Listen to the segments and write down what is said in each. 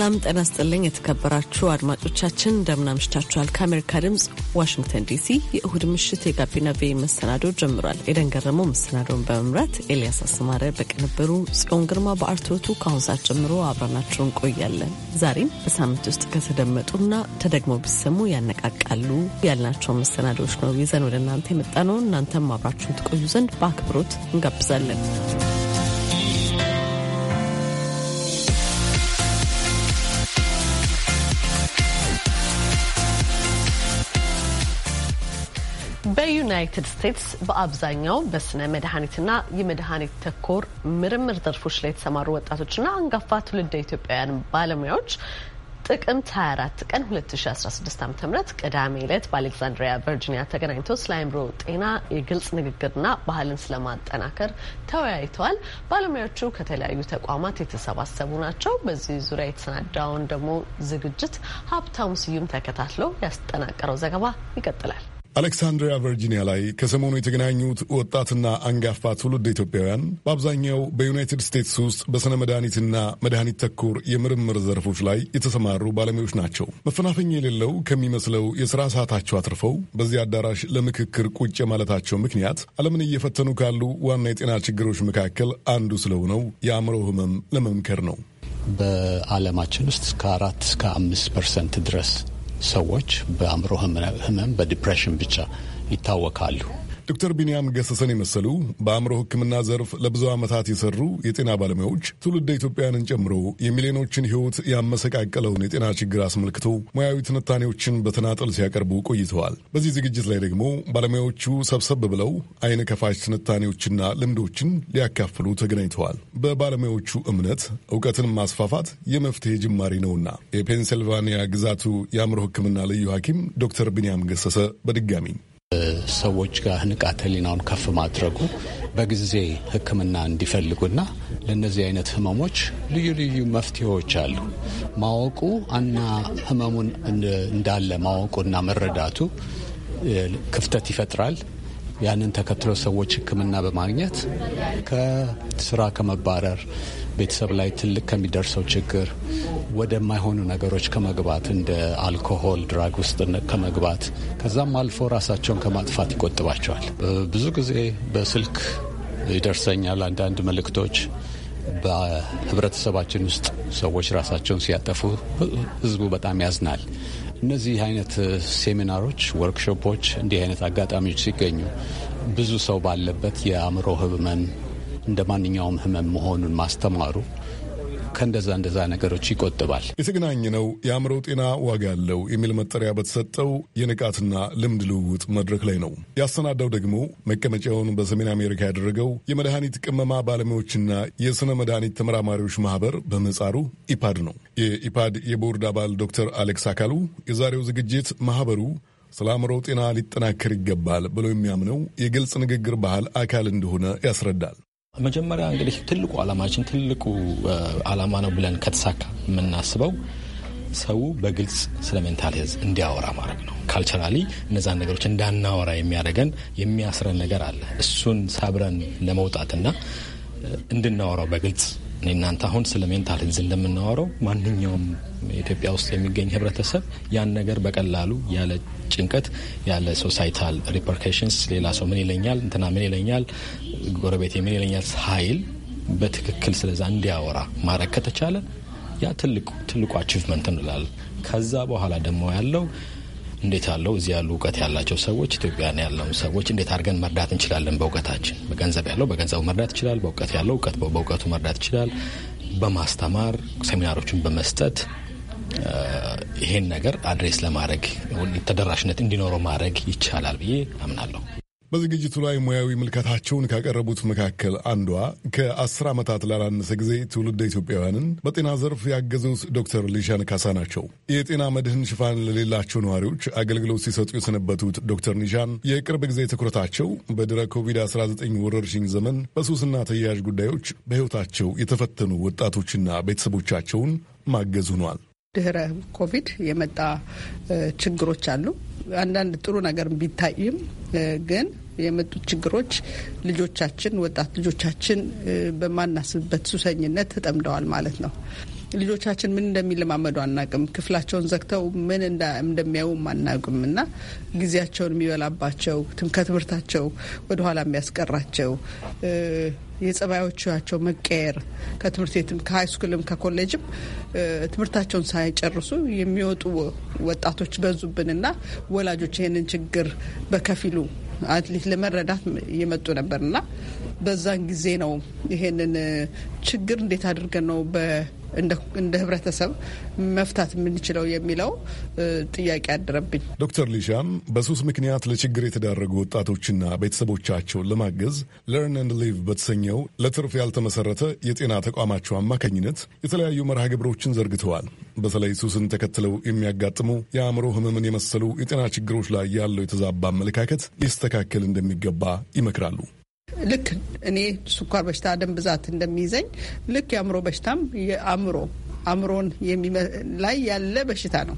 ሰላም ጤና ስጥልኝ። የተከበራችሁ አድማጮቻችን እንደምን አምሽታችኋል? ከአሜሪካ ድምፅ ዋሽንግተን ዲሲ የእሁድ ምሽት የጋቢና ቤ መሰናዶ ጀምሯል። ኤደን ገረመው መሰናዶውን በመምራት ኤልያስ አስማረ በቅንብሩ፣ ጽዮን ግርማ በአርትዖቱ ከአሁን ሰዓት ጀምሮ አብረናችሁ እንቆያለን። ዛሬም በሳምንት ውስጥ ከተደመጡና ተደግሞ ቢሰሙ ያነቃቃሉ ያልናቸውን መሰናዶዎች ነው ይዘን ወደ እናንተ የመጣነው። እናንተም አብራችሁን ትቆዩ ዘንድ በአክብሮት እንጋብዛለን። በዩናይትድ ስቴትስ በአብዛኛው በስነ መድኃኒትና የመድኃኒት ተኮር ምርምር ዘርፎች ላይ የተሰማሩ ወጣቶችና አንጋፋ ትውልደ ኢትዮጵያውያን ባለሙያዎች ጥቅምት 24 ቀን 2016 ዓ ም ቅዳሜ ዕለት በአሌክዛንድሪያ ቨርጂኒያ ተገናኝተው ስለ አይምሮ ጤና የግልጽ ንግግርና ባህልን ስለማጠናከር ተወያይተዋል። ባለሙያዎቹ ከተለያዩ ተቋማት የተሰባሰቡ ናቸው። በዚህ ዙሪያ የተሰናዳውን ደግሞ ዝግጅት ሀብታሙ ስዩም ተከታትሎ ያስጠናቀረው ዘገባ ይቀጥላል። አሌክሳንድሪያ ቨርጂኒያ ላይ ከሰሞኑ የተገናኙት ወጣትና አንጋፋ ትውልድ ኢትዮጵያውያን በአብዛኛው በዩናይትድ ስቴትስ ውስጥ በሥነ መድኃኒትና መድኃኒት ተኮር የምርምር ዘርፎች ላይ የተሰማሩ ባለሙያዎች ናቸው። መፈናፈኛ የሌለው ከሚመስለው የሥራ ሰዓታቸው አትርፈው በዚህ አዳራሽ ለምክክር ቁጭ ማለታቸው ምክንያት ዓለምን እየፈተኑ ካሉ ዋና የጤና ችግሮች መካከል አንዱ ስለሆነው የአእምሮ ሕመም ለመምከር ነው። በዓለማችን ውስጥ ከአራት እስከ አምስት ፐርሰንት ድረስ ሰዎች በአእምሮ ህመም፣ በዲፕሬሽን ብቻ ይታወቃሉ። ዶክተር ቢንያም ገሰሰን የመሰሉ በአእምሮ ሕክምና ዘርፍ ለብዙ ዓመታት የሰሩ የጤና ባለሙያዎች ትውልደ ኢትዮጵያውያንን ጨምሮ የሚሊዮኖችን ሕይወት ያመሰቃቀለውን የጤና ችግር አስመልክቶ ሙያዊ ትንታኔዎችን በተናጠል ሲያቀርቡ ቆይተዋል። በዚህ ዝግጅት ላይ ደግሞ ባለሙያዎቹ ሰብሰብ ብለው አይነ ከፋች ትንታኔዎችና ልምዶችን ሊያካፍሉ ተገናኝተዋል። በባለሙያዎቹ እምነት እውቀትን ማስፋፋት የመፍትሄ ጅማሬ ነውና የፔንሲልቫኒያ ግዛቱ የአእምሮ ሕክምና ልዩ ሐኪም ዶክተር ቢንያም ገሰሰ በድጋሚ ሰዎች ጋር ንቃተ ህሊናውን ከፍ ማድረጉ በጊዜ ሕክምና እንዲፈልጉና ለእነዚህ አይነት ህመሞች ልዩ ልዩ መፍትሄዎች አሉ። ማወቁ እና ህመሙን እንዳለ እና መረዳቱ ክፍተት ይፈጥራል። ያንን ተከትሎ ሰዎች ሕክምና በማግኘት ከስራ ከመባረር ቤተሰብ ላይ ትልቅ ከሚደርሰው ችግር ወደማይሆኑ ነገሮች ከመግባት እንደ አልኮሆል፣ ድራግ ውስጥ ከመግባት ከዛም አልፎ ራሳቸውን ከማጥፋት ይቆጥባቸዋል። ብዙ ጊዜ በስልክ ይደርሰኛል አንዳንድ መልእክቶች በህብረተሰባችን ውስጥ ሰዎች ራሳቸውን ሲያጠፉ ህዝቡ በጣም ያዝናል። እነዚህ አይነት ሴሚናሮች፣ ወርክሾፖች እንዲህ አይነት አጋጣሚዎች ሲገኙ ብዙ ሰው ባለበት የአእምሮ ህብመን። እንደ ማንኛውም ህመም መሆኑን ማስተማሩ ከእንደዛ እንደዛ ነገሮች ይቆጥባል። የተገናኘ ነው የአእምሮ ጤና ዋጋ ያለው የሚል መጠሪያ በተሰጠው የንቃትና ልምድ ልውውጥ መድረክ ላይ ነው። ያሰናዳው ደግሞ መቀመጫውን በሰሜን አሜሪካ ያደረገው የመድኃኒት ቅመማ ባለሙያዎችና የሥነ መድኃኒት ተመራማሪዎች ማህበር በምህጻሩ ኢፓድ ነው። የኢፓድ የቦርድ አባል ዶክተር አሌክስ አካሉ የዛሬው ዝግጅት ማህበሩ ስለ አእምሮ ጤና ሊጠናከር ይገባል ብሎ የሚያምነው የግልጽ ንግግር ባህል አካል እንደሆነ ያስረዳል። መጀመሪያ እንግዲህ ትልቁ ዓላማችን ትልቁ አላማ ነው ብለን ከተሳካ የምናስበው ሰው በግልጽ ስለ ሜንታል ሄልዝ እንዲያወራ ማድረግ ነው። ካልቸራሊ እነዛን ነገሮች እንዳናወራ የሚያደርገን የሚያስረን ነገር አለ። እሱን ሰብረን ለመውጣትና እንድናወራው በግልጽ እኔ እናንተ አሁን ስለ ሜንታል ህዝ እንደምናወረው ማንኛውም ኢትዮጵያ ውስጥ የሚገኝ ህብረተሰብ ያን ነገር በቀላሉ ያለ ጭንቀት ያለ ሶሳይታል ሪፐርኬሽንስ ሌላ ሰው ምን ይለኛል፣ እንትና ምን ይለኛል፣ ጎረቤቴ ምን ይለኛል ሀይል በትክክል ስለዛ እንዲያወራ ማድረግ ከተቻለ ያ ትልቁ አቺቭመንት እንላለን። ከዛ በኋላ ደግሞ ያለው እንዴት አለው እዚህ ያሉ እውቀት ያላቸው ሰዎች ኢትዮጵያን ያለው ሰዎች እንዴት አድርገን መርዳት እንችላለን? በእውቀታችን በገንዘብ ያለው በገንዘቡ መርዳት ይችላል። በእውቀት ያለው እውቀት በእውቀቱ መርዳት ይችላል። በማስተማር ሴሚናሮችን በመስጠት ይሄን ነገር አድሬስ ለማድረግ ተደራሽነት እንዲኖረው ማድረግ ይቻላል ብዬ አምናለሁ። በዝግጅቱ ላይ ሙያዊ ምልከታቸውን ካቀረቡት መካከል አንዷ ከአስር ዓመታት ላላነሰ ጊዜ ትውልደ ኢትዮጵያውያንን በጤና ዘርፍ ያገዙት ዶክተር ሊሻን ካሳ ናቸው። የጤና መድህን ሽፋን ለሌላቸው ነዋሪዎች አገልግሎት ሲሰጡ የሰነበቱት ዶክተር ኒሻን የቅርብ ጊዜ ትኩረታቸው በድረ ኮቪድ-19 ወረርሽኝ ዘመን በሱስና ተያያዥ ጉዳዮች በሕይወታቸው የተፈተኑ ወጣቶችና ቤተሰቦቻቸውን ማገዝ ሆኗል። ድህረ ኮቪድ የመጣ ችግሮች አሉ። አንዳንድ ጥሩ ነገር ቢታይም ግን የመጡት ችግሮች ልጆቻችን ወጣት ልጆቻችን በማናስብበት ሱሰኝነት ተጠምደዋል ማለት ነው። ልጆቻችን ምን እንደሚለማመዱ አናቅም። ክፍላቸውን ዘግተው ምን እንደሚያዩም አናቅም እና ጊዜያቸውን የሚበላባቸው ከትምህርታቸው ወደኋላ የሚያስቀራቸው የጸባዮቻቸው መቀየር ከትምህርት ቤትም ከሃይስኩልም ከኮሌጅም ትምህርታቸውን ሳይጨርሱ የሚወጡ ወጣቶች በዙብንና ወላጆች ይህንን ችግር በከፊሉ አትሊት ለመረዳት እየመጡ ነበርና በዛን ጊዜ ነው ይሄንን ችግር እንዴት አድርገን ነው እንደ ህብረተሰብ መፍታት የምንችለው የሚለው ጥያቄ አደረብኝ። ዶክተር ሊሻም በሱስ ምክንያት ለችግር የተዳረጉ ወጣቶችና ቤተሰቦቻቸውን ለማገዝ ለርን ኤንድ ሊቭ በተሰኘው ለትርፍ ያልተመሰረተ የጤና ተቋማቸው አማካኝነት የተለያዩ መርሃ ግብሮችን ዘርግተዋል። በተለይ ሱስን ተከትለው የሚያጋጥሙ የአእምሮ ህመምን የመሰሉ የጤና ችግሮች ላይ ያለው የተዛባ አመለካከት ሊስተካከል እንደሚገባ ይመክራሉ። ልክ እኔ ስኳር በሽታ ደም ብዛት እንደሚይዘኝ ልክ የአእምሮ በሽታም የአእምሮ አእምሮን ላይ ያለ በሽታ ነው።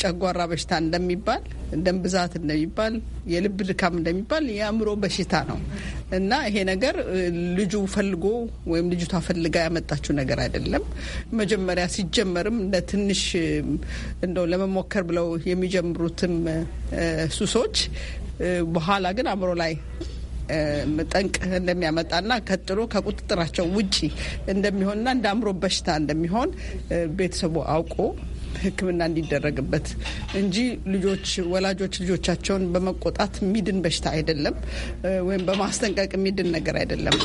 ጨጓራ በሽታ እንደሚባል፣ ደም ብዛት እንደሚባል፣ የልብ ድካም እንደሚባል የአእምሮ በሽታ ነው እና ይሄ ነገር ልጁ ፈልጎ ወይም ልጅቷ ፈልጋ ያመጣችው ነገር አይደለም። መጀመሪያ ሲጀመርም እንደ ትንሽ እንደው ለመሞከር ብለው የሚጀምሩትም ሱሶች በኋላ ግን አእምሮ ላይ ጠንቅ እንደሚያመጣና ከጥሎ ከቁጥጥራቸው ውጪ እንደሚሆንና እንደ አእምሮ በሽታ እንደሚሆን ቤተሰቡ አውቆ ሕክምና እንዲደረግበት እንጂ ልጆች ወላጆች ልጆቻቸውን በመቆጣት የሚድን በሽታ አይደለም፣ ወይም በማስጠንቀቅ የሚድን ነገር አይደለም።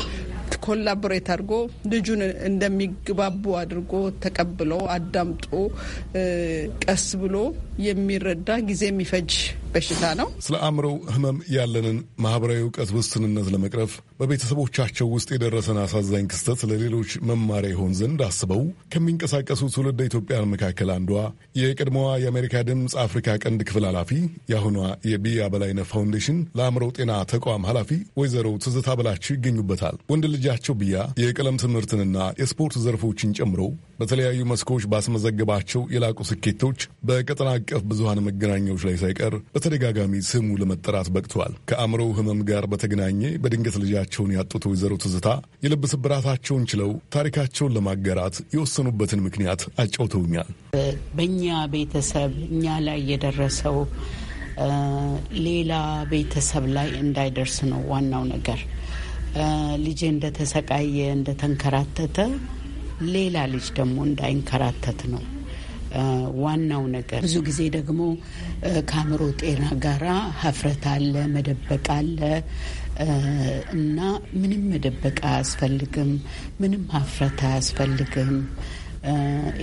ኮላቦሬት አድርጎ ልጁን እንደሚግባቡ አድርጎ ተቀብሎ አዳምጦ ቀስ ብሎ የሚረዳ ጊዜ የሚፈጅ በሽታ ነው። ስለ አእምሮው ህመም ያለንን ማህበራዊ እውቀት ውስንነት ለመቅረፍ በቤተሰቦቻቸው ውስጥ የደረሰን አሳዛኝ ክስተት ለሌሎች መማሪያ ይሆን ዘንድ አስበው ከሚንቀሳቀሱ ትውልደ ኢትዮጵያን መካከል አንዷ የቀድሞዋ የአሜሪካ ድምፅ አፍሪካ ቀንድ ክፍል ኃላፊ የአሁኗ የቢያ በላይነ ፋውንዴሽን ለአእምሮ ጤና ተቋም ኃላፊ ወይዘሮ ትዝታ ብላቸው ይገኙበታል። ወንድ ልጃቸው ብያ የቀለም ትምህርትንና የስፖርት ዘርፎችን ጨምሮ በተለያዩ መስኮች ባስመዘገባቸው የላቁ ስኬቶች በቀጠና አቀፍ ብዙሃን መገናኛዎች ላይ ሳይቀር በተደጋጋሚ ስሙ ለመጠራት በቅተዋል ከአእምሮ ህመም ጋር በተገናኘ በድንገት ልጃቸውን ያጡት ወይዘሮ ትዝታ የልብ ስብራታቸውን ችለው ታሪካቸውን ለማጋራት የወሰኑበትን ምክንያት አጫውተውኛል። በእኛ ቤተሰብ እኛ ላይ የደረሰው ሌላ ቤተሰብ ላይ እንዳይደርስ ነው ዋናው ነገር። ልጄ እንደተሰቃየ እንደተንከራተተ ሌላ ልጅ ደግሞ እንዳይንከራተት ነው ዋናው ነገር። ብዙ ጊዜ ደግሞ ከአእምሮ ጤና ጋራ ሀፍረት አለ፣ መደበቅ አለ እና ምንም መደበቅ አያስፈልግም፣ ምንም ሀፍረት አያስፈልግም።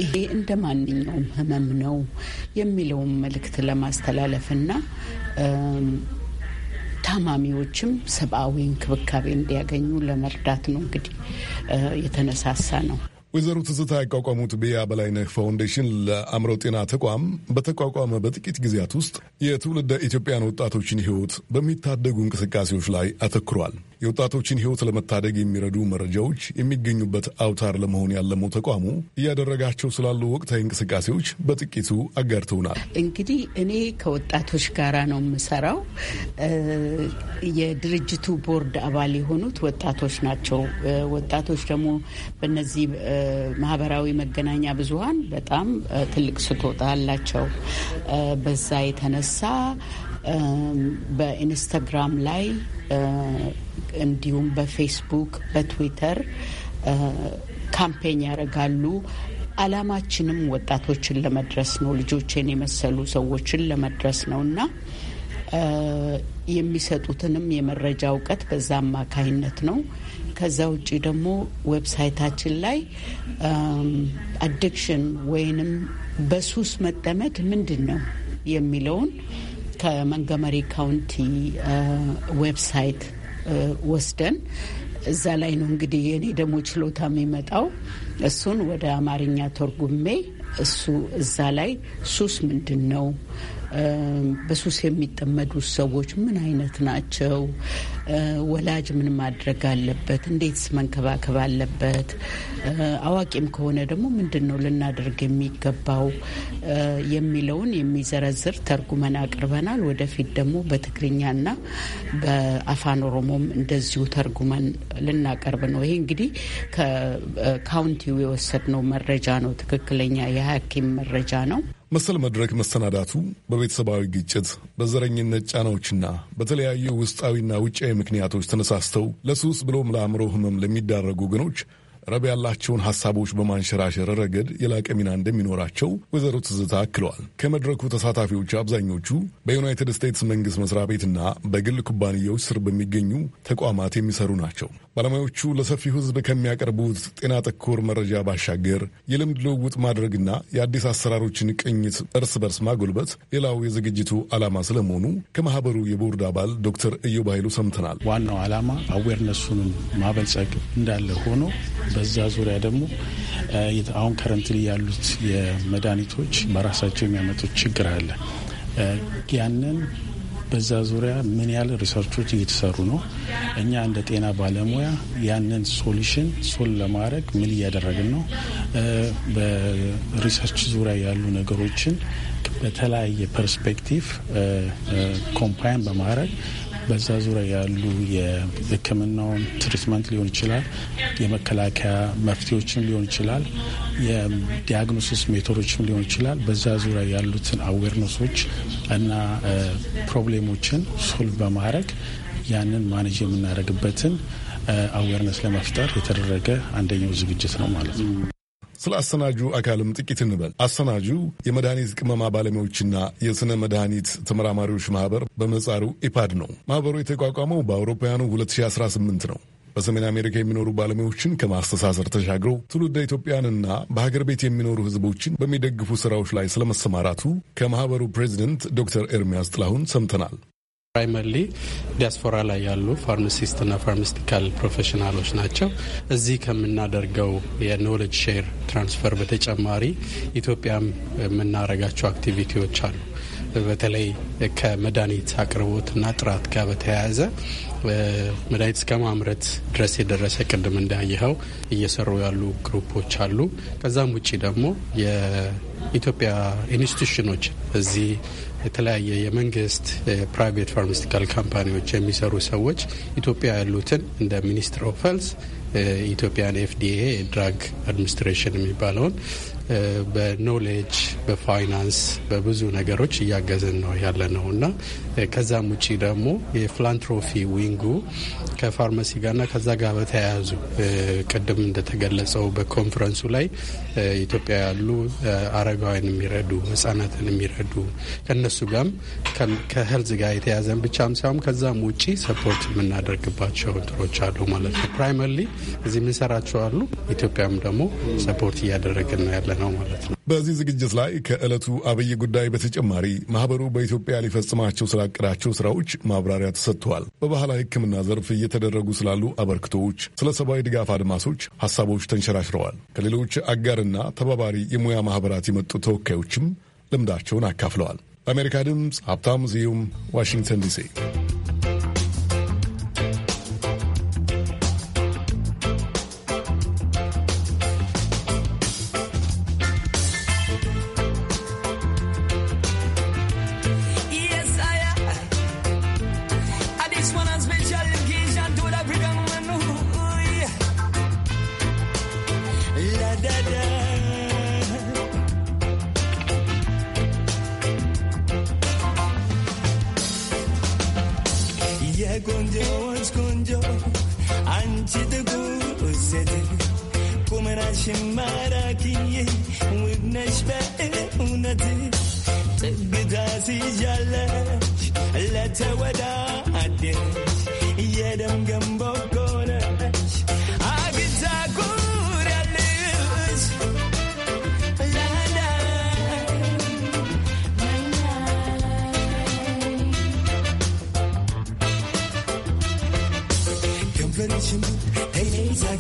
ይሄ እንደ ማንኛውም ህመም ነው የሚለውን መልእክት እና ታማሚዎችም ሰብአዊ እንክብካቤ እንዲያገኙ ለመርዳት ነው እንግዲህ የተነሳሳ ነው። ወይዘሮ ትዝታ ያቋቋሙት ብያ በላይነህ ፋውንዴሽን ለአእምሮ ጤና ተቋም በተቋቋመ በጥቂት ጊዜያት ውስጥ የትውልደ ኢትዮጵያን ወጣቶችን ህይወት በሚታደጉ እንቅስቃሴዎች ላይ አተኩሯል። የወጣቶችን ሕይወት ለመታደግ የሚረዱ መረጃዎች የሚገኙበት አውታር ለመሆን ያለመው ተቋሙ እያደረጋቸው ስላሉ ወቅታዊ እንቅስቃሴዎች በጥቂቱ አጋርተውናል። እንግዲህ እኔ ከወጣቶች ጋር ነው የምሰራው። የድርጅቱ ቦርድ አባል የሆኑት ወጣቶች ናቸው። ወጣቶች ደግሞ በነዚህ ማህበራዊ መገናኛ ብዙሀን በጣም ትልቅ ስጦታ አላቸው። በዛ የተነሳ በኢንስታግራም ላይ እንዲሁም በፌስቡክ፣ በትዊተር ካምፔን ያደርጋሉ። አላማችንም ወጣቶችን ለመድረስ ነው። ልጆችን የመሰሉ ሰዎችን ለመድረስ ነው እና የሚሰጡትንም የመረጃ እውቀት በዛ አማካይነት ነው። ከዛ ውጭ ደግሞ ዌብሳይታችን ላይ አዲክሽን ወይንም በሱስ መጠመድ ምንድን ነው የሚለውን ከመንገመሪ ካውንቲ ዌብሳይት ወስደን እዛ ላይ ነው እንግዲህ የኔ ደግሞ ችሎታ የሚመጣው። እሱን ወደ አማርኛ ተርጉሜ እሱ እዛ ላይ ሱስ ምንድን ነው በሱስ የሚጠመዱ ሰዎች ምን አይነት ናቸው? ወላጅ ምን ማድረግ አለበት? እንዴትስ መንከባከብ አለበት? አዋቂም ከሆነ ደግሞ ምንድን ነው ልናደርግ የሚገባው የሚለውን የሚዘረዝር ተርጉመን አቅርበናል። ወደፊት ደግሞ በትግርኛና በአፋን ኦሮሞም እንደዚሁ ተርጉመን ልናቀርብ ነው። ይሄ እንግዲህ ከካውንቲው የወሰድነው መረጃ ነው። ትክክለኛ የሐኪም መረጃ ነው። መሰል መድረክ መሰናዳቱ በቤተሰባዊ ግጭት፣ በዘረኝነት ጫናዎችና በተለያዩ ውስጣዊና ውጫዊ ምክንያቶች ተነሳስተው ለሱስ ብሎም ለአእምሮ ህመም ለሚዳረጉ ወገኖች ረብ ያላቸውን ሀሳቦች በማንሸራሸር ረገድ የላቀ ሚና እንደሚኖራቸው ወይዘሮ ትዝታ አክለዋል። ከመድረኩ ተሳታፊዎች አብዛኞቹ በዩናይትድ ስቴትስ መንግስት መስሪያ ቤትና በግል ኩባንያዎች ስር በሚገኙ ተቋማት የሚሰሩ ናቸው። ባለሙያዎቹ ለሰፊው ሕዝብ ከሚያቀርቡት ጤና ተኮር መረጃ ባሻገር የልምድ ልውውጥ ማድረግና የአዲስ አሰራሮችን ቅኝት እርስ በርስ ማጎልበት ሌላው የዝግጅቱ ዓላማ ስለመሆኑ ከማህበሩ የቦርድ አባል ዶክተር ኢዮብ ኃይሉ ሰምተናል። ዋናው ዓላማ አዌርነሱንም ማበልጸግ እንዳለ ሆኖ በዛ ዙሪያ ደግሞ አሁን ከረንትሊ ያሉት የመድኃኒቶች በራሳቸው የሚያመጡት ችግር አለ። ያንን በዛ ዙሪያ ምን ያህል ሪሰርቾች እየተሰሩ ነው? እኛ እንደ ጤና ባለሙያ ያንን ሶሉሽን ሶል ለማድረግ ምን እያደረግን ነው? በሪሰርች ዙሪያ ያሉ ነገሮችን በተለያየ ፐርስፔክቲቭ ኮምፓይን በማድረግ በዛ ዙሪያ ያሉ የሕክምናውን ትሪትመንት ሊሆን ይችላል፣ የመከላከያ መፍትሄዎችም ሊሆን ይችላል፣ የዲያግኖሲስ ሜቶዶችም ሊሆን ይችላል። በዛ ዙሪያ ያሉትን አዌርነሶች እና ፕሮብሌሞችን ሶልቭ በማድረግ ያንን ማኔጅ የምናደርግበትን አዌርነስ ለመፍጠር የተደረገ አንደኛው ዝግጅት ነው ማለት ነው። ስለ አሰናጁ አካልም ጥቂት እንበል። አሰናጁ የመድኃኒት ቅመማ ባለሙያዎችና የሥነ መድኃኒት ተመራማሪዎች ማህበር በመጻሩ ኢፓድ ነው። ማህበሩ የተቋቋመው በአውሮፓውያኑ 2018 ነው። በሰሜን አሜሪካ የሚኖሩ ባለሙያዎችን ከማስተሳሰር ተሻግሮ ትውልደ ኢትዮጵያንና በሀገር ቤት የሚኖሩ ህዝቦችን በሚደግፉ ስራዎች ላይ ስለመሰማራቱ ከማህበሩ ፕሬዚደንት ዶክተር ኤርሚያስ ጥላሁን ሰምተናል። ፕራይመርሊ ዲያስፖራ ላይ ያሉ ፋርማሲስትና ፋርማስቲካል ፕሮፌሽናሎች ናቸው። እዚህ ከምናደርገው የኖሌጅ ሼር ትራንስፈር በተጨማሪ ኢትዮጵያም የምናረጋቸው አክቲቪቲዎች አሉ። በተለይ ከመድኃኒት አቅርቦትና ጥራት ጋር በተያያዘ መድኃኒት እስከ ማምረት ድረስ የደረሰ ቅድም እንዳየኸው እየሰሩ ያሉ ግሩፖች አሉ። ከዛም ውጭ ደግሞ የኢትዮጵያ ኢንስቲቱሽኖች እዚህ የተለያየ የመንግስት ፕራይቬት ፋርማስቲካል ካምፓኒዎች የሚሰሩ ሰዎች ኢትዮጵያ ያሉትን እንደ ሚኒስትር ኦፍ ሄልዝ ኢትዮጵያን ኤፍዲኤ ድራግ አድሚኒስትሬሽን የሚባለውን በኖሌጅ በፋይናንስ በብዙ ነገሮች እያገዝን ነው ያለ ነው እና ከዛም ውጭ ደግሞ የፊላንትሮፊ ዊንጉ ከፋርማሲ ጋርና ከዛ ጋር በተያያዙ ቅድም እንደተገለጸው በኮንፈረንሱ ላይ ኢትዮጵያ ያሉ አረጋውያን የሚረዱ ህጻናትን የሚረዱ ከእነሱ ጋም ከህልዝ ጋር የተያዘን ብቻም ሳይሆን ከዛም ውጭ ሰፖርት የምናደርግባቸው እንትሮች አሉ ማለት ነው። ፕራይመርሊ እዚህ የምንሰራቸው አሉ። ኢትዮጵያም ደግሞ ሰፖርት እያደረግን ነው ያለ ነው ማለት ነው። በዚህ ዝግጅት ላይ ከዕለቱ አብይ ጉዳይ በተጨማሪ ማህበሩ በኢትዮጵያ ሊፈጽማቸው ስላቀዳቸው ስራዎች ማብራሪያ ተሰጥተዋል። በባህላዊ ሕክምና ዘርፍ እየተደረጉ ስላሉ አበርክቶዎች፣ ስለ ሰብአዊ ድጋፍ አድማሶች ሀሳቦች ተንሸራሽረዋል። ከሌሎች አጋርና ተባባሪ የሙያ ማህበራት የመጡ ተወካዮችም ልምዳቸውን አካፍለዋል። ለአሜሪካ ድምፅ ሀብታሙ ስዩም ዋሽንግተን ዲሲ cidgu usede kumarashi marakiye wibnesh be unade ጥግዳሲ ያለች ለተወዳ አደች የደም ገንቦጎ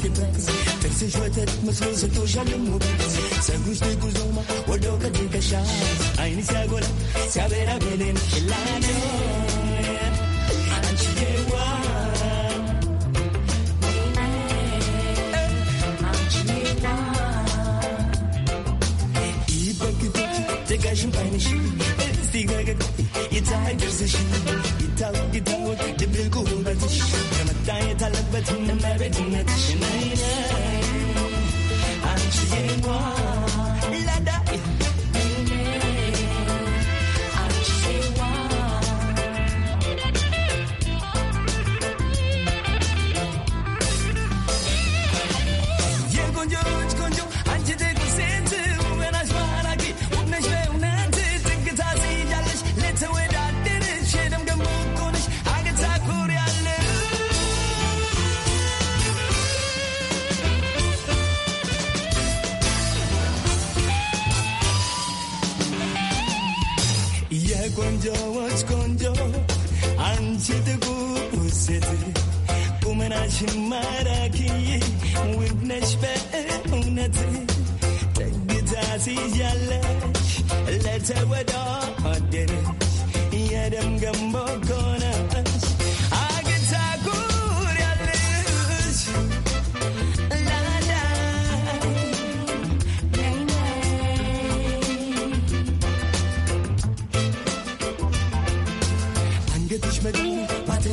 ስትጓዝ ትንሽ ወተት መስሎ ስቶሻልም ውበት ፀጉርሽ ትጉዞ ወደው it's gaga, it's a high decision, it's out, it's out, the big old ውሴት! ቁመናሽ ማራኪ ውብ ነች በእውነት ጠግታ ሲያለሽ ለተወዳደረሽ የደም ገንቦ ከሆነሽ But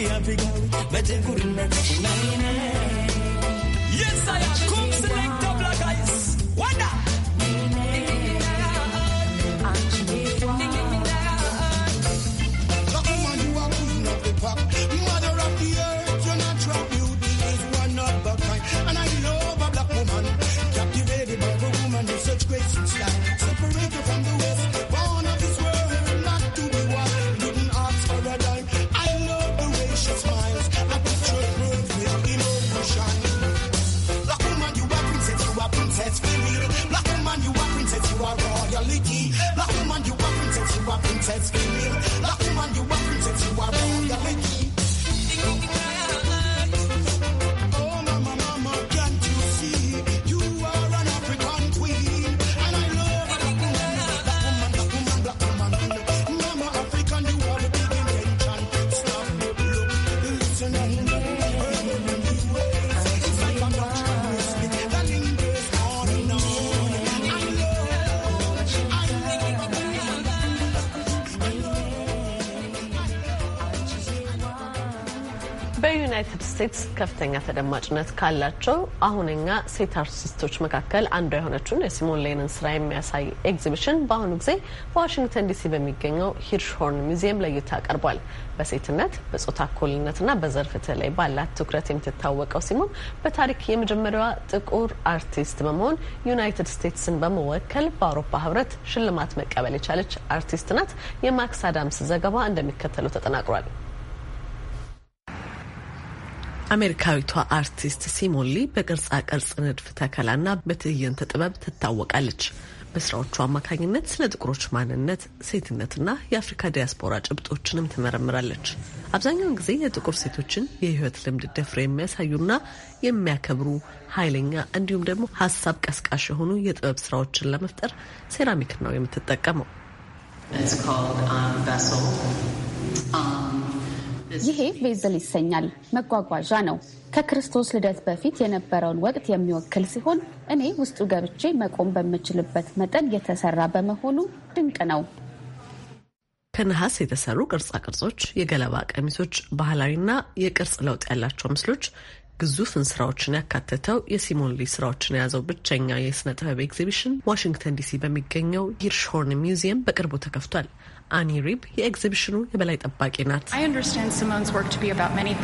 Yes, I am. ስቴትስ ከፍተኛ ተደማጭነት ካላቸው አሁነኛ ሴት አርቲስቶች መካከል አንዷ የሆነችውን የሲሞን ሌንን ስራ የሚያሳይ ኤግዚቢሽን በአሁኑ ጊዜ በዋሽንግተን ዲሲ በሚገኘው ሂርሽሆርን ሚዚየም ለእይታ ቀርቧል። በሴትነት በጾታ እኩልነትና በዘር ፍትህ ላይ ባላት ትኩረት የምትታወቀው ሲሞን በታሪክ የመጀመሪያዋ ጥቁር አርቲስት በመሆን ዩናይትድ ስቴትስን በመወከል በአውሮፓ ህብረት ሽልማት መቀበል የቻለች አርቲስት ናት። የማክስ አዳምስ ዘገባ እንደሚከተለው ተጠናቅሯል። አሜሪካዊቷ አርቲስት ሲሞሊ በቅርጻ ቅርጽ ንድፍ ተከላና በትዕይንተ ጥበብ ትታወቃለች። በስራዎቹ አማካኝነት ስለ ጥቁሮች ማንነት፣ ሴትነትና የአፍሪካ ዲያስፖራ ጭብጦችንም ትመረምራለች። አብዛኛውን ጊዜ የጥቁር ሴቶችን የህይወት ልምድ ደፍረው የሚያሳዩና የሚያከብሩ ኃይለኛ እንዲሁም ደግሞ ሀሳብ ቀስቃሽ የሆኑ የጥበብ ስራዎችን ለመፍጠር ሴራሚክ ነው የምትጠቀመው። um, ይሄ ቤዝል ይሰኛል። መጓጓዣ ነው። ከክርስቶስ ልደት በፊት የነበረውን ወቅት የሚወክል ሲሆን እኔ ውስጡ ገብቼ መቆም በምችልበት መጠን የተሰራ በመሆኑ ድንቅ ነው። ከነሐስ የተሰሩ ቅርጻ ቅርጾች፣ የገለባ ቀሚሶች፣ ባህላዊና የቅርጽ ለውጥ ያላቸው ምስሎች ግዙፍ እንስራዎችን ያካተተው የሲሞን ሊ ስራዎችን የያዘው ብቸኛው የስነ ጥበብ ኤግዚቢሽን ዋሽንግተን ዲሲ በሚገኘው ሂርሽሆርን ሚውዚየም በቅርቡ ተከፍቷል። አኒ ሪብ የኤግዚቢሽኑ የበላይ ጠባቂ ናት።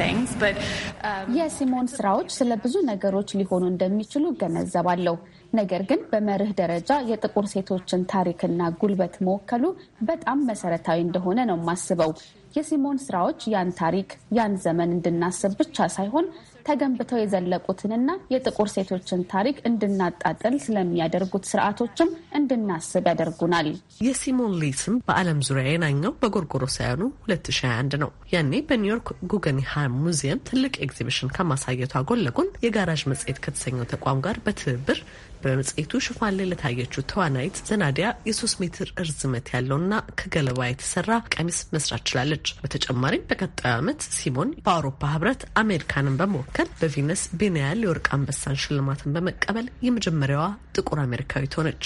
um, የሲሞን ስራዎች ስለ ብዙ ነገሮች ሊሆኑ እንደሚችሉ እገነዘባለሁ። ነገር ግን በመርህ ደረጃ የጥቁር ሴቶችን ታሪክና ጉልበት መወከሉ በጣም መሰረታዊ እንደሆነ ነው የማስበው። የሲሞን ስራዎች ያን ታሪክ ያን ዘመን እንድናስብ ብቻ ሳይሆን ተገንብተው የዘለቁትንና የጥቁር ሴቶችን ታሪክ እንድናጣጥል ስለሚያደርጉት ስርዓቶችም እንድናስብ ያደርጉናል። የሲሞን ሊ ስም በዓለም ዙሪያ የናኘው በጎርጎሮሳውያኑ 2021 ነው። ያኔ በኒውዮርክ ጉገንሃይም ሙዚየም ትልቅ ኤግዚቢሽን ከማሳየቷ ጎን ለጎን የጋራዥ መጽሔት ከተሰኘው ተቋም ጋር በትብብር በመጽሔቱ ሽፋን ላይ ለታየችው ተዋናይት ዘናዲያ የሶስት ሜትር እርዝመት ያለውና ከገለባ የተሰራ ቀሚስ መስራት ችላለች። በተጨማሪም በቀጣዩ ዓመት ሲሞን በአውሮፓ ህብረት አሜሪካንን በመወ መካከል በቬነስ ቤንያል የወርቅ አንበሳን ሽልማትን በመቀበል የመጀመሪያዋ ጥቁር አሜሪካዊት ሆነች።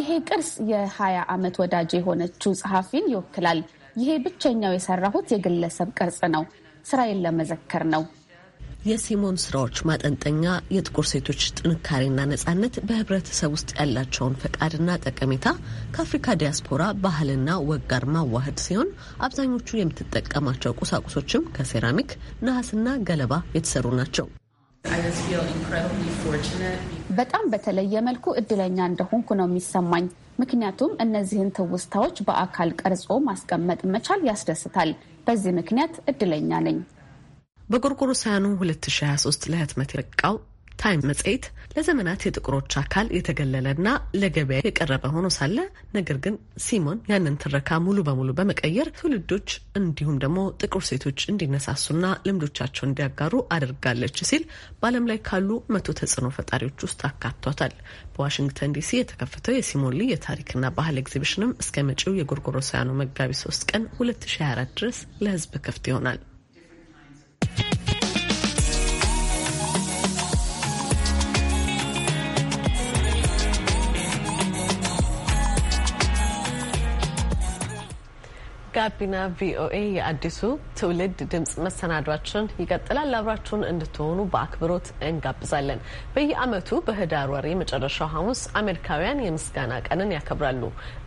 ይሄ ቅርስ የ20 ዓመት ወዳጅ የሆነችው ጸሐፊን ይወክላል። ይሄ ብቸኛው የሰራሁት የግለሰብ ቅርጽ ነው። ስራዬን ለመዘከር ነው። የሲሞን ስራዎች ማጠንጠኛ የጥቁር ሴቶች ጥንካሬና ነጻነት በህብረተሰብ ውስጥ ያላቸውን ፈቃድና ጠቀሜታ ከአፍሪካ ዲያስፖራ ባህልና ወግ ጋር ማዋህድ ሲሆን አብዛኞቹ የምትጠቀማቸው ቁሳቁሶችም ከሴራሚክ ነሐስና ገለባ የተሰሩ ናቸው። በጣም በተለየ መልኩ እድለኛ እንደሆንኩ ነው የሚሰማኝ። ምክንያቱም እነዚህን ትውስታዎች በአካል ቀርጾ ማስቀመጥ መቻል ያስደስታል። በዚህ ምክንያት እድለኛ ነኝ። ሳያኑ 2023 ለህትመት የበቃው ታይም መጽሔት ለዘመናት የጥቁሮች አካል የተገለለና ለገበያ የቀረበ ሆኖ ሳለ ነገር ግን ሲሞን ያንን ትረካ ሙሉ በሙሉ በመቀየር ትውልዶች እንዲሁም ደግሞ ጥቁር ሴቶች እንዲነሳሱና ልምዶቻቸውን እንዲያጋሩ አድርጋለች ሲል በዓለም ላይ ካሉ መቶ ተጽዕኖ ፈጣሪዎች ውስጥ አካቷታል። በዋሽንግተን ዲሲ የተከፈተው የሲሞን ሊ የታሪክና ባህል ኤግዚቢሽንም እስከ መጪው የጎርጎሮሳውያኑ መጋቢት 3 ቀን 2024 ድረስ ለህዝብ ክፍት ይሆናል። ጋቢና ቪኦኤ የአዲሱ ትውልድ ድምጽ መሰናዷችን ይቀጥላል። አብራችሁን እንድትሆኑ በአክብሮት እንጋብዛለን። በየዓመቱ በህዳር ወር የመጨረሻው ሐሙስ አሜሪካውያን የምስጋና ቀንን ያከብራሉ።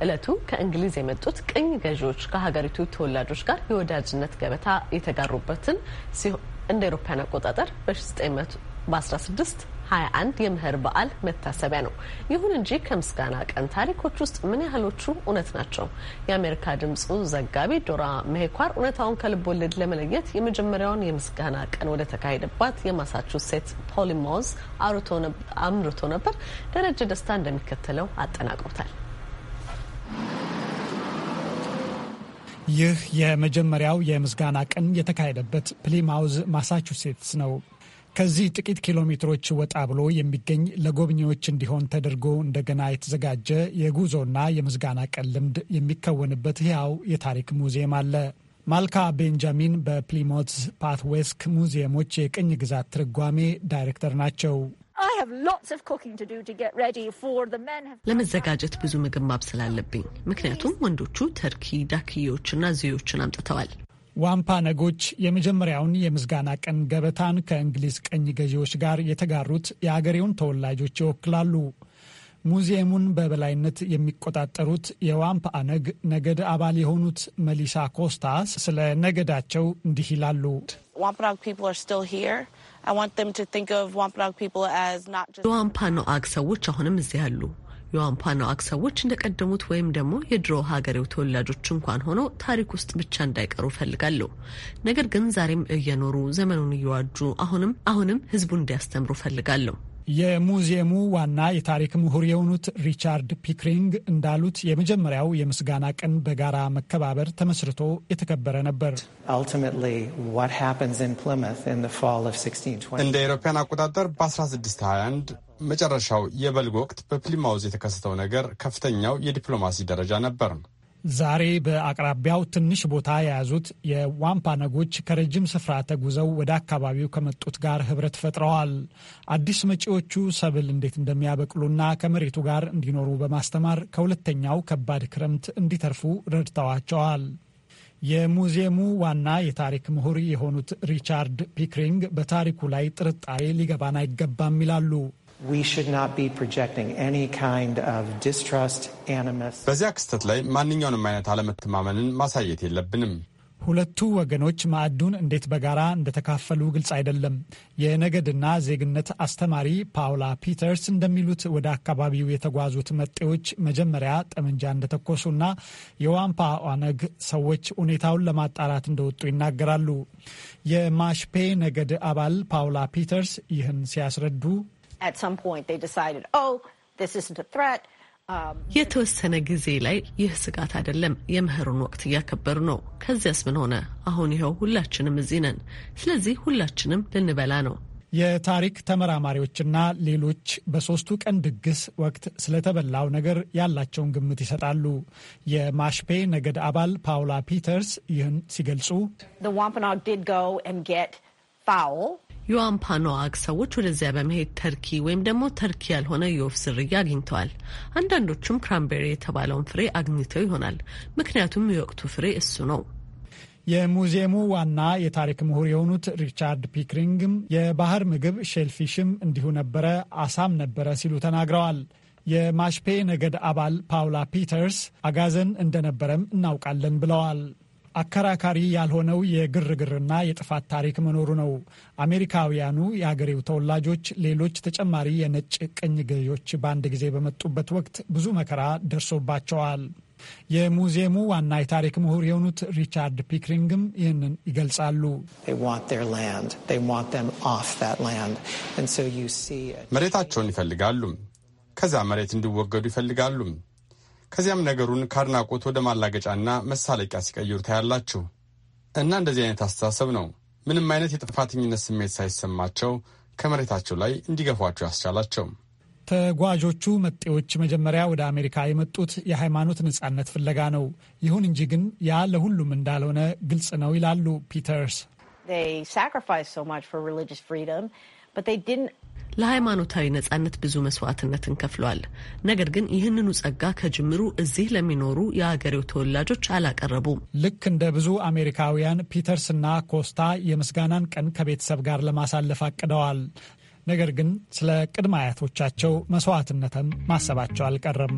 እለቱ ከእንግሊዝ የመጡት ቅኝ ገዢዎች ከሀገሪቱ ተወላጆች ጋር የወዳጅነት ገበታ የተጋሩበትን እንደ ኤሮፓያን አቆጣጠር በ1916 21 የምህር በዓል መታሰቢያ ነው። ይሁን እንጂ ከምስጋና ቀን ታሪኮች ውስጥ ምን ያህሎቹ እውነት ናቸው? የአሜሪካ ድምፁ ዘጋቢ ዶራ መሄኳር እውነታውን ከልብ ወለድ ለመለየት የመጀመሪያውን የምስጋና ቀን ወደ ተካሄደባት ሴት ፖሊሞዝ አምርቶ ነበር። ደረጀ ደስታ እንደሚከተለው አጠናቅሮታል። ይህ የመጀመሪያው የምስጋና ቀን የተካሄደበት ፕሊማውዝ ማሳቹሴትስ ነው። ከዚህ ጥቂት ኪሎ ሜትሮች ወጣ ብሎ የሚገኝ ለጎብኚዎች እንዲሆን ተደርጎ እንደገና የተዘጋጀ የጉዞና የምዝጋና ቀን ልምድ የሚከወንበት ሕያው የታሪክ ሙዚየም አለ። ማልካ ቤንጃሚን በፕሊሞት ፓትዌስክ ሙዚየሞች የቅኝ ግዛት ትርጓሜ ዳይሬክተር ናቸው። ለመዘጋጀት ብዙ ምግብ ማብሰል አለብኝ፣ ምክንያቱም ወንዶቹ ተርኪ፣ ዳክዬዎችና ዝዮዎችን አምጥተዋል። ዋምፓ ነጎች የመጀመሪያውን የምስጋና ቀን ገበታን ከእንግሊዝ ቀኝ ገዢዎች ጋር የተጋሩት የአገሬውን ተወላጆች ይወክላሉ። ሙዚየሙን በበላይነት የሚቆጣጠሩት የዋምፓ ነግ ነገድ አባል የሆኑት መሊሳ ኮስታ ስለ ነገዳቸው እንዲህ ይላሉ። ዋምፓ ነዋግ ሰዎች አሁንም እዚህ አሉ። የዋምፓናዋክ ሰዎች እንደቀደሙት ወይም ደግሞ የድሮ ሀገሬው ተወላጆች እንኳን ሆነው ታሪክ ውስጥ ብቻ እንዳይቀሩ ፈልጋለሁ። ነገር ግን ዛሬም እየኖሩ ዘመኑን እየዋጁ አሁንም አሁንም ህዝቡ እንዲያስተምሩ ፈልጋለሁ። የሙዚየሙ ዋና የታሪክ ምሁር የሆኑት ሪቻርድ ፒክሪንግ እንዳሉት የመጀመሪያው የምስጋና ቀን በጋራ መከባበር ተመስርቶ የተከበረ ነበር። እንደ አውሮፓውያን አቆጣጠር በ1621 መጨረሻው የበልግ ወቅት በፕሊማውዝ የተከሰተው ነገር ከፍተኛው የዲፕሎማሲ ደረጃ ነበር። ዛሬ በአቅራቢያው ትንሽ ቦታ የያዙት ነጎች ከረጅም ስፍራ ተጉዘው ወደ አካባቢው ከመጡት ጋር ህብረት ፈጥረዋል። አዲስ መጪዎቹ ሰብል እንዴት እንደሚያበቅሉና ከመሬቱ ጋር እንዲኖሩ በማስተማር ከሁለተኛው ከባድ ክረምት እንዲተርፉ ረድተዋቸዋል። የሙዚየሙ ዋና የታሪክ ምሁር የሆኑት ሪቻርድ ፒክሪንግ በታሪኩ ላይ ጥርጣሬ ሊገባን አይገባም ይላሉ። በዚያ ክስተት ላይ ማንኛውንም አይነት አለመተማመንን ማሳየት የለብንም። ሁለቱ ወገኖች ማዕዱን እንዴት በጋራ እንደተካፈሉ ግልጽ አይደለም። የነገድና ዜግነት አስተማሪ ፓውላ ፒተርስ እንደሚሉት ወደ አካባቢው የተጓዙት መጤዎች መጀመሪያ ጠመንጃ እንደተኮሱና የዋምፓ ኦነግ ሰዎች ሁኔታውን ለማጣራት እንደወጡ ይናገራሉ። የማሽፔ ነገድ አባል ፓውላ ፒተርስ ይህን ሲያስረዱ የተወሰነ ጊዜ ላይ ይህ ስጋት አይደለም፣ የምህሩን ወቅት እያከበሩ ነው። ከዚያስ ምን ሆነ? አሁን ይኸው ሁላችንም እዚህ ነን። ስለዚህ ሁላችንም ልንበላ ነው። የታሪክ ተመራማሪዎችና ሌሎች በሶስቱ ቀን ድግስ ወቅት ስለተበላው ነገር ያላቸውን ግምት ይሰጣሉ። የማሽፔ ነገድ አባል ፓውላ ፒተርስ ይህን ሲገልጹ የዋምፓኖአግ ሰዎች ወደዚያ በመሄድ ተርኪ ወይም ደግሞ ተርኪ ያልሆነ የወፍ ዝርያ አግኝተዋል። አንዳንዶቹም ክራምቤሪ የተባለውን ፍሬ አግኝተው ይሆናል። ምክንያቱም የወቅቱ ፍሬ እሱ ነው። የሙዚየሙ ዋና የታሪክ ምሁር የሆኑት ሪቻርድ ፒክሪንግም የባህር ምግብ ሼልፊሽም እንዲሁ ነበረ፣ አሳም ነበረ ሲሉ ተናግረዋል። የማሽፔ ነገድ አባል ፓውላ ፒተርስ አጋዘን እንደነበረም እናውቃለን ብለዋል። አከራካሪ ያልሆነው የግርግርና የጥፋት ታሪክ መኖሩ ነው። አሜሪካውያኑ የአገሬው ተወላጆች ሌሎች ተጨማሪ የነጭ ቅኝ ገዢዎች በአንድ ጊዜ በመጡበት ወቅት ብዙ መከራ ደርሶባቸዋል። የሙዚየሙ ዋና የታሪክ ምሁር የሆኑት ሪቻርድ ፒክሪንግም ይህንን ይገልጻሉ። መሬታቸውን ይፈልጋሉ። ከዛ መሬት እንዲወገዱ ይፈልጋሉ። ከዚያም ነገሩን ከአድናቆት ወደ ማላገጫና መሳለቂያ ሲቀይሩ ታያላችሁ። እና እንደዚህ አይነት አስተሳሰብ ነው ምንም አይነት የጥፋተኝነት ስሜት ሳይሰማቸው ከመሬታቸው ላይ እንዲገፏቸው ያስቻላቸው። ተጓዦቹ መጤዎች መጀመሪያ ወደ አሜሪካ የመጡት የሃይማኖት ነጻነት ፍለጋ ነው። ይሁን እንጂ ግን ያ ለሁሉም እንዳልሆነ ግልጽ ነው ይላሉ ፒተርስ። ለሃይማኖታዊ ነጻነት ብዙ መስዋዕትነትን ከፍሏል። ነገር ግን ይህንኑ ጸጋ ከጅምሩ እዚህ ለሚኖሩ የአገሬው ተወላጆች አላቀረቡም። ልክ እንደ ብዙ አሜሪካውያን ፒተርስና ኮስታ የምስጋናን ቀን ከቤተሰብ ጋር ለማሳለፍ አቅደዋል። ነገር ግን ስለ ቅድመ አያቶቻቸው መስዋዕትነትም ማሰባቸው አልቀረም።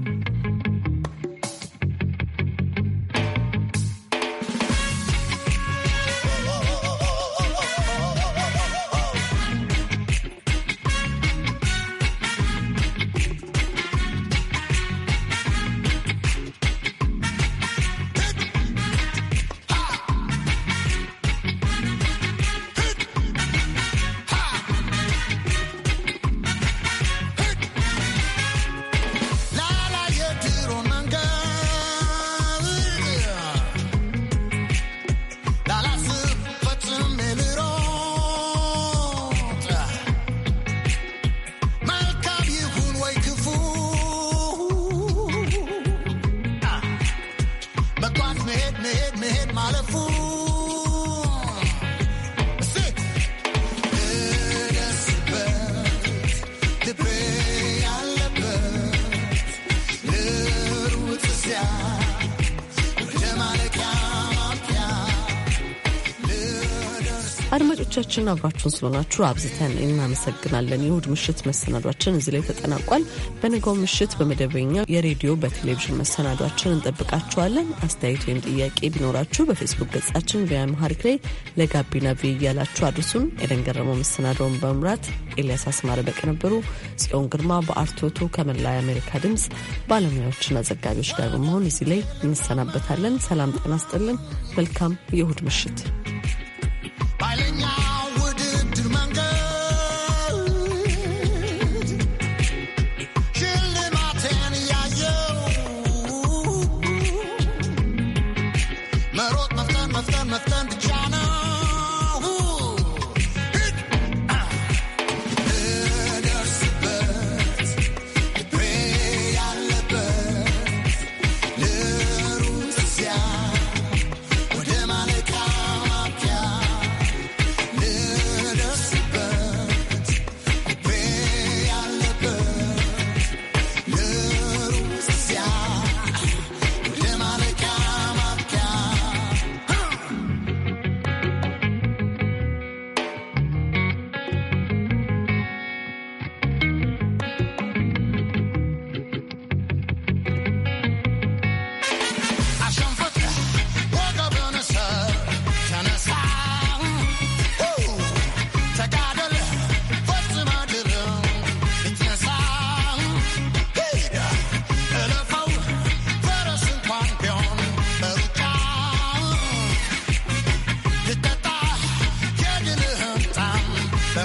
አድማጮቻችን አብራችሁን ስለሆናችሁ አብዝተን እናመሰግናለን። የእሁድ ምሽት መሰናዷችን እዚህ ላይ ተጠናቋል። በነገው ምሽት በመደበኛ የሬዲዮ በቴሌቪዥን መሰናዷችን እንጠብቃችኋለን። አስተያየት ወይም ጥያቄ ቢኖራችሁ በፌስቡክ ገጻችን ቪያምሃሪክ ላይ ለጋቢና ቪ እያላችሁ አድርሱን። ኤደን ገረመው መሰናዶውን በመምራት ኤልያስ አስማረ በቀነበሩ ጽዮን ግርማ በአርቶቱ ከመላ የአሜሪካ ድምፅ ባለሙያዎችና ዘጋቢዎች ጋር በመሆን እዚህ ላይ እንሰናበታለን። ሰላም ጤና ይስጥልን። መልካም የእሁድ ምሽት Island now.